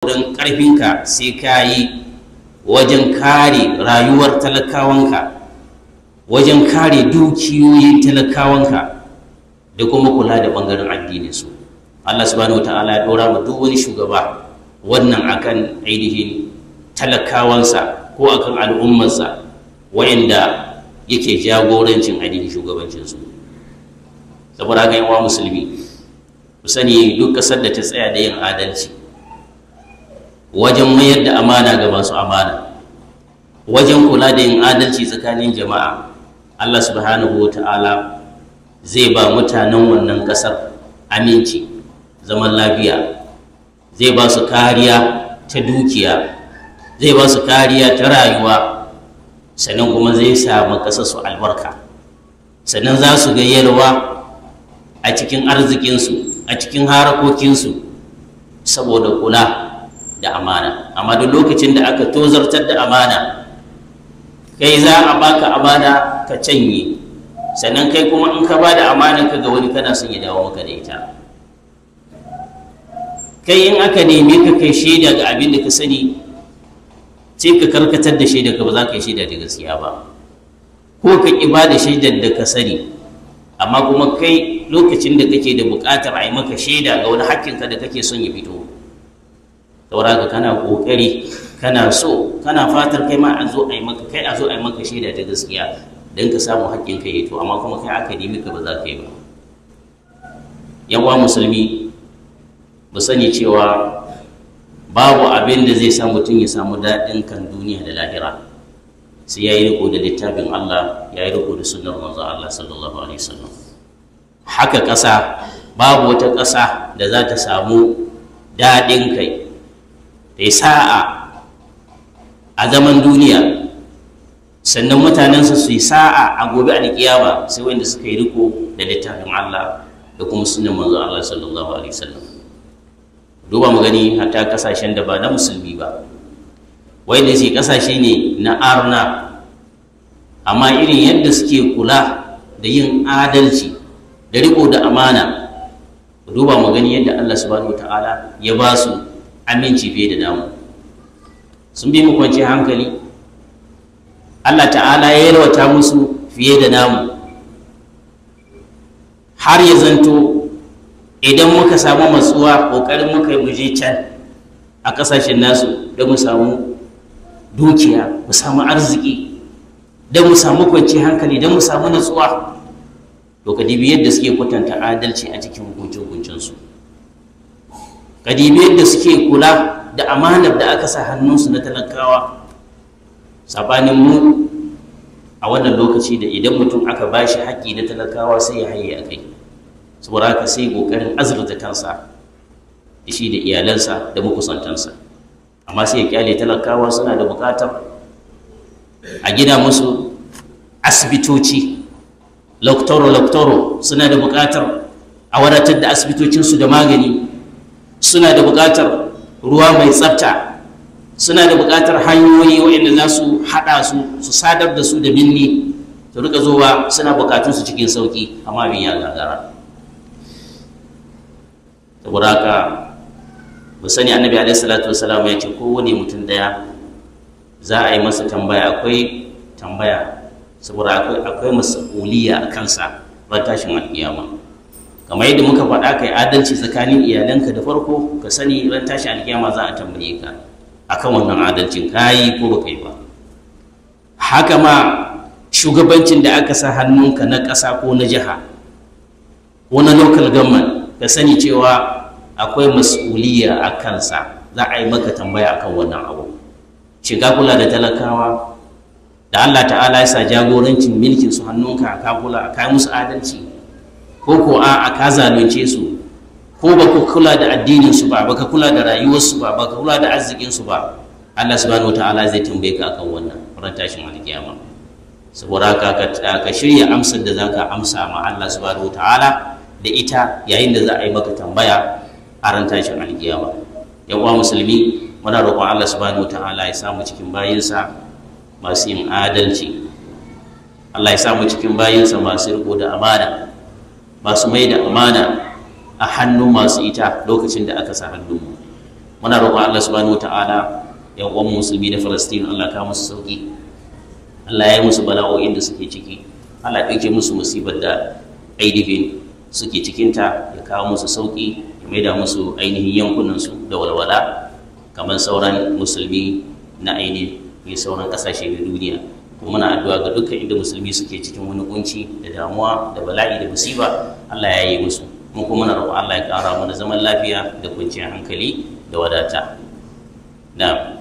don ƙarfinka sai ka yi wajen kare rayuwar talakawanka wajen kare dukiyoyin talakawanka da kuma kula da ɓangaren addinin su Allah subhanahu wa ta'ala ya ɗora ma duk wani shugaba wannan akan ainihin talakawansa ko akan al'ummarsa wa'inda yake jagorancin ainihin shugabancinsu saboda haka yawa musulmi ku sani duk ƙasar da ta tsaya da yin adalci wajen mayar da amana ga masu amana wajen kula da yin adalci tsakanin jama'a allah subhanahu wa ta'ala zai ba mutanen wannan ƙasar aminci zaman lafiya zai ba su kariya ta dukiya zai ba su kariya ta rayuwa sannan kuma zai samu ƙasar su albarka sannan za su ga yalwa a cikin arzikinsu a cikin harakokinsu saboda kula da amana amma duk lokacin da aka tozartar da amana kai za a baka amana ka canye sannan kai kuma in ka bada amana ka ga wani kana son ya dawo maka da ita kai in aka neme ka kai shaida ga abin da ka sani sai ka karkatar da shaida ka ba za ka yi shaida da gaskiya ba ko ka ki ba da shaida da ka sani amma kuma kai lokacin da kake da buƙatar a yi maka shaida ga wani hakkinka da kake son ya fito ga kana kokari kana so kana fatar kai ma a zo a yi maka kai a zo a yi maka shaida ta gaskiya don ka samu haƙƙin ka yi to amma kuma kai aka nemi ka ba za ka yi ba yawa musulmi ba sani cewa babu abin da zai sa mutum ya samu daɗin kan duniya da lahira sai ya yi riko da littafin Allah ya yi riko da sunnar manzon Allah sallallahu alaihi wasallam haka ƙasa babu wata ƙasa da za ta samu daɗin kai sa'a a zaman duniya sannan mutanensa su yi sa'a a gobe a ba sai wanda suka yi riko da littafin Allah da kuma sunan manzo Allah sallallahu alaihi wasallam duba mu gani hatta kasashen da ba na musulmi ba wanda su kasashe ne na arna amma irin yadda suke kula da yin adalci da riko da amana duba mu gani yadda Allah subhanahu wataala ya ba su aminci fiye da namu sun bi mu kwanci hankali Allah ta'ala ya rawata musu fiye da namu har ya zanto idan muka samu matsuwa ƙoƙarin muka mu je can a ƙasashen nasu don mu samu dukiya mu samu arziki don mu samu kwanci hankali don mu samu natsuwa to ka dibi yadda suke kwatanta adalci a cikin kadibe da suke kula da amanar da aka sa hannunsu na talakawa sabanin mu a wannan lokaci da idan mutum aka ba shi haƙƙi na talakawa sai ya haye a kai saboda haka sai ƙoƙarin azurta kansa da shi da iyalansa da makusantansa amma sai ya kyale talakawa suna da buƙatar a gina musu asibitoci Loktoro-loktoro suna da buƙatar a wadatar da asibitocinsu da magani suna da buƙatar ruwa mai tsafta suna da buƙatar hanyoyi waɗanda za su haɗa su su sadar da su da binni su rika zowa suna buƙatun su cikin sauƙi amma bin ya gagara saboda haka mu sani annabi alaihi salatu wasalam ya ce kowane mutum ɗaya za a yi masa tambaya akwai tambaya saboda akwai akwai masuliya a kansa ba tashin alƙiyama kamar yadda muka faɗa ka yi adalci tsakanin iyalanka da farko ka sani ran tashi alkiyama za a tambaye ka akan wannan adalcin ka yi ko ba yi ba haka ma shugabancin da aka sa hannunka na ƙasa ko na jiha ko na local government ka sani cewa akwai mas'uliya a kansa za a yi maka tambaya akan wannan abu shiga kula da talakawa da Allah ta'ala ya sa jagorancin milkin su hannunka ka kula ka musu adalci ko ko a ka zalunce su ko ba ku kula da addinin su ba ba ka kula da rayuwar su ba ba ka kula da arzikin su ba Allah subhanahu wataala zai tambaye ka akan wannan ran tashin alkiyama saboda haka ka shirya amsar da zaka amsa ma Allah subhanahu wataala da ita yayin da za a yi maka tambaya a ran tashin alkiyama yan uwa musulmi muna roƙon Allah subhanahu wataala ya samu cikin bayinsa masu yin adalci Allah ya samu cikin bayinsa masu riko da amana masu mai da amana a hannu masu ita lokacin da aka sa hannu mu muna roƙon Allah subhanahu wata'ala yan uwan musulmi da Falastin Allah ka musu sauki Allah ya yi musu bala'o'in da suke ciki Allah ɗauke musu musibar da aidifin suke cikinta ya kawo musu sauƙi, ya maida musu ainihin yankunansu da walwala kamar sauran musulmi na ainihin sauran ƙasashe na duniya muna addu'a ga dukkan inda musulmi suke cikin wani kunci da damuwa da bala'i da musiba Allah ya yi musu mun kuma muna roƙon Allah ya ƙara mana zaman lafiya da kwanciyar hankali da wadata na'am